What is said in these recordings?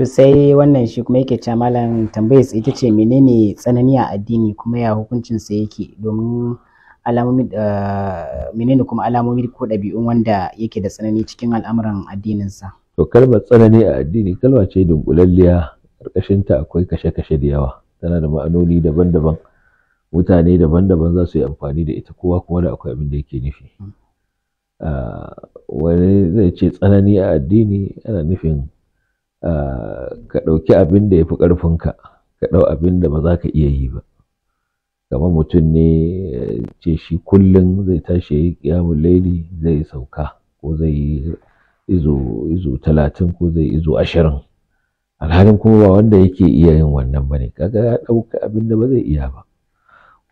to sai wannan shi kuma yake cewa malam tambayar sa ita ce menene tsanani a addini kuma ya hukuncin sa yake domin alamomi ah, menene kuma alamomi ko dabi'un wanda yake da tsanani cikin al'amuran addinin sa to kalmar tsanani a addini kalma ce dunkulalliya ƙarƙashin ta akwai kashe-kashe da yawa tana da ma'anoni daban-daban mutane daban-daban za su yi amfani da ita kowa kuma da akwai abin da yake nufi hmm. ah, wani zai ce tsanani a addini yana nufin Eh, ka ɗauki abin da ya fi ƙarfinka ka ɗau abin da ba za ka iya yi ba kamar mutum ne eh, ce shi kullum zai tashi ya yi ƙiyamun laili zai sauka ko zai yi izo talatin ko zai izo ashirin alhalin kuma ba wanda yake iya yin wannan ba ne kaga ya ɗauka abin da ba zai iya ba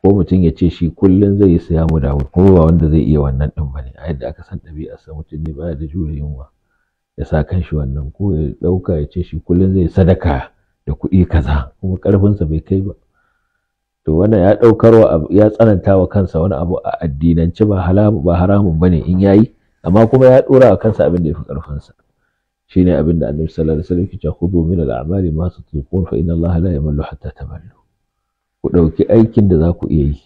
ko mutum ya ce shi kullum zai yi siyamu da kuma ba wanda zai iya wannan ɗin ba ne a yadda aka san sa mutum ne baya da jure yunwa ya sa kan shi wannan ko ya ɗauka ya ce shi kullum zai sadaka da kuɗi kaza kuma ƙarfinsa bai kai ba to wannan ya ɗaukarwa ya tsananta wa kansa wani abu a addinance ba haramun ba haramun bane in yayi amma kuma ya ɗora wa kansa abin da ya fi ƙarfinsa shine abin da annabi sallallahu alaihi wasallam ya khudhu min al-a'mali ma tutiqun fa inna Allah la yamallu hatta tamallu ku ɗauki aikin da za ku iya yi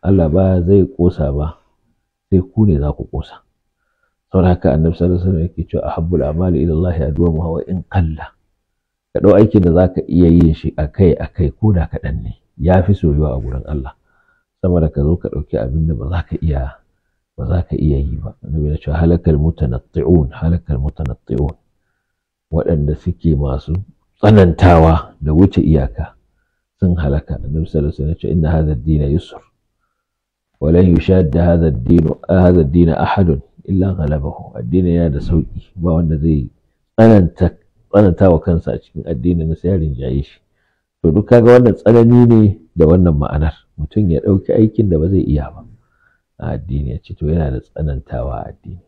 Allah ba zai kosa ba sai ku ne za ku kosa saboda haka annabi sallallahu alaihi wasallam yake cewa ahabbul amali ila Allah adwamuha wa in qalla ka dau aikin da zaka iya yin shi akai akai ko da kaɗan ne yafi soyuwa a gurin Allah saboda ka zo ka dauki abin da ba za ka iya ba za iya yi ba annabi ya ce halakal mutanatti'un halakal mutanatti'un waɗanda suke masu tsanantawa da wuce iyaka sun halaka annabi sallallahu alaihi wasallam ya ce inna hadha ad-din yusr wa lan yushadda hadha ad-din hadha ad-din ahadun illa ghalabahu addini yana da sauki ba wanda zai tsananta tsananta wa kansa a cikin addinin na sai rinjaye shi to duk kaga wannan tsanani ne da wannan ma'anar mutum ya ɗauki aikin da ba zai iya ba a addini ya ce to yana da tsanantawa addini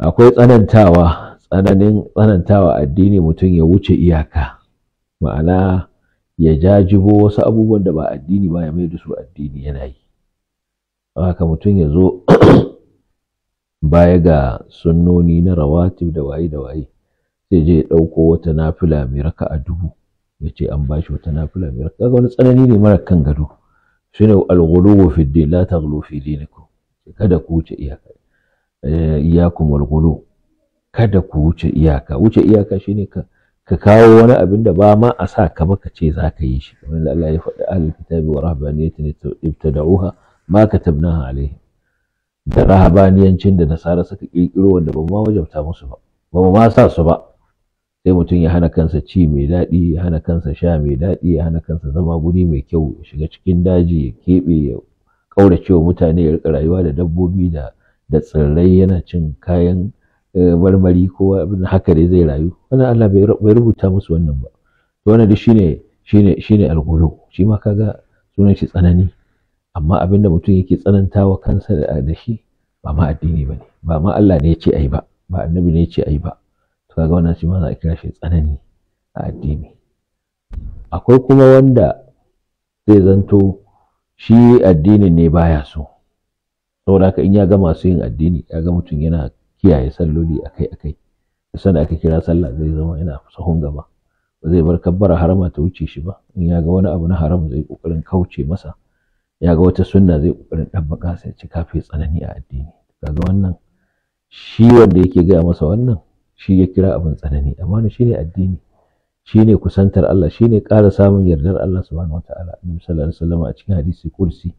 akwai tsanantawa tsananin tsanantawa addini mutum ya wuce iyaka ma'ana ya jajibo wasu abubuwan da ba addini ba ya mai da su addini yana yi haka mutum ya zo baya ga sunnoni na rawatib da waye da waye sai je ya ɗauko wata nafila mai raka a dubu ya ce an bashi wata nafila mai raka wani tsanani ne mara kan gado shine al-ghuluwu fi din la taghlu fi dinikum kada ku wuce iyaka eh, iyakum wal kada ku wuce iyaka wuce iyaka shine ka ka kawo wani abin da ba ma a sa ka ba ka ce za ka yi shi kamar Allah ya faɗi ahlul kitabi wa rahbaniyatin ibtada'uha ma katabnaha alaihim da rahabaniyancin da nasara suka kirkiro wanda ba ma wajabta musu ba ba ma sa su ba sai mutum ya hana kansa ci mai daɗi ya hana kansa sha mai daɗi ya hana kansa zama guri mai kyau ya shiga cikin daji ya keɓe ya ƙaurace wa mutane ya rika rayuwa da dabbobi da da tsirrai yana cin kayan eh, marmari ko abin haka dai zai rayu wannan Allah bai rubuta musu wannan ba to wannan duk shine shine shine algulu shi ma kaga sunan shi tsanani amma abin da mutum yake tsananta wa kansa da shi ba ma addini ba ne ba ma Allah ne ya ce ai ba ba annabi ne ya ce ai ba to kaga wannan shi ma za a kira shi tsanani a addini akwai kuma wanda zai zanto shi addinin ne baya so saboda haka in ya ga masu yin addini ya ga mutum yana kiyaye salloli akai-akai san da aka kira sallah zai zama yana sahun gaba ba zai bar kabbara harama ta wuce shi ba in ya ga wani abu na haram zai kokarin kauce masa ya ga wata sunna zai kokarin dan baka sai ci kafi tsanani a addini kaga wannan shi wanda yake ga masa wannan shi ya kira abin tsanani amma shi ne addini shi ne kusantar Allah shi ne ƙara samun yardar Allah subhanahu wataala annabi sallallahu alaihi wasallam a cikin hadisi kursi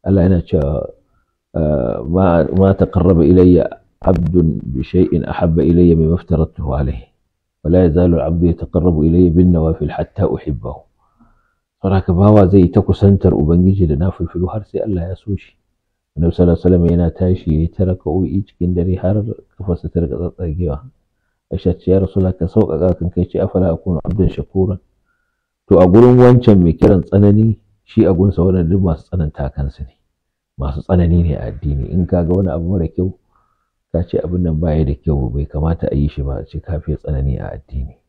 Allah yana cewa ma taqarraba ilayya abdun bi shay'in ahabba ilayya mimma aftaratuhu alayhi ولا يزال العبد يتقرب إلي بالنوافل حتى أحبه saboda bawa zai ta kusantar ubangiji da nafulfulu har sai Allah ya so shi annabi sallallahu alaihi wasallam yana tashi yayi taraka'o'i cikin dare har kafarsa ta riga tsatsagewa Aisha ce ya rasula ka sauƙaƙa kan kai ce afala akunu abdan shakura to a gurin wancan mai kiran tsanani shi a gunsa wannan duk masu tsananta kansu ne masu tsanani ne a addini in ka ga wani abu mara kyau ka ce abin nan baya da kyau bai kamata a yi shi ba ce kafin tsanani a addini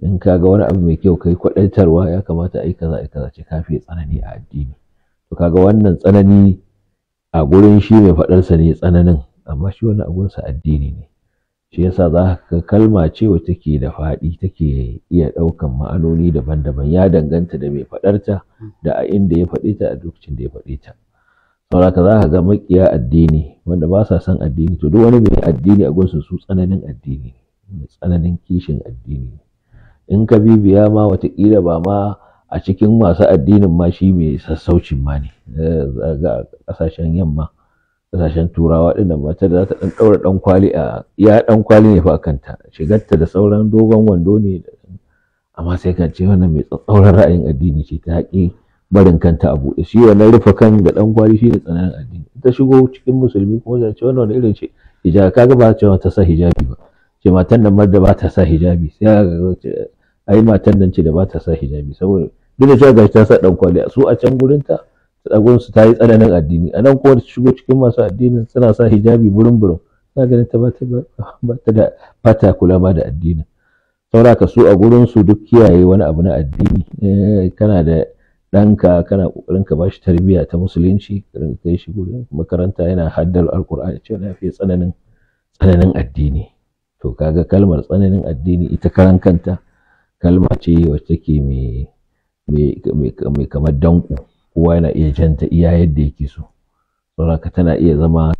in ka ga wani abu mai kyau kai kwaɗaitarwa ya kamata a yi kaza a kaza ce kafi tsanani a addini to kaga wannan tsanani a gurin shi mai faɗarsa ne tsananin amma shi wani a gurinsa addini ne shi yasa za ka kalma ce wacce take da faɗi take iya ɗaukan ma'anoni daban-daban ya danganta da mai faɗarta da a inda ya faɗe ta a lokacin da ya faɗe ta sauraka za ka ga makiya addini wanda ba sa son addini to duk wani mai addini a su tsananin addini tsananin kishin addini ne. in ka bibiya ma watakila ba ma a cikin masu addinin ma shi mai sassaucin ma ne eh, ga kasashen yamma kasashen turawa ɗin nan matar za ta ɗan ɗaura ɗan kwali a ya ɗan kwali ne fa kanta shigarta da sauran dogon wando ne amma sai ka ce wannan mai tsatsauran ra'ayin addini ce ta haƙi barin kanta a buɗe shi wannan rufe kan da ɗan kwali shi ne tsananin addini ta shigo cikin musulmi kuma za ce wannan wani irin ce hijabi kaga ba ta sa hijabi ba ce matan nan ma da ba ta sa hijabi sai ga ai matan nan ce da ba ta sa hijabi saboda duk da cewa gashi ta sa dan kwali su a can gurin ta tsagon su ta yi tsananin addini a nan kuma ta shigo cikin masu addini suna sa hijabi burin burin na ganin ta ba ta da fata kula ba da addini saura ka su a gurin su duk kiyaye wani abu na addini eh, kana da ɗanka kana ƙoƙarin ka bashi tarbiyya ta musulunci ka kai shi gurin makaranta yana haddar alkur'ani cewa na fi tsananin tsananin addini to kaga kalmar tsananin addini ita karan kanta kalma ce wacce take mai kamar danko kowa yana iya janta iya yadda yake so saboda tana iya zama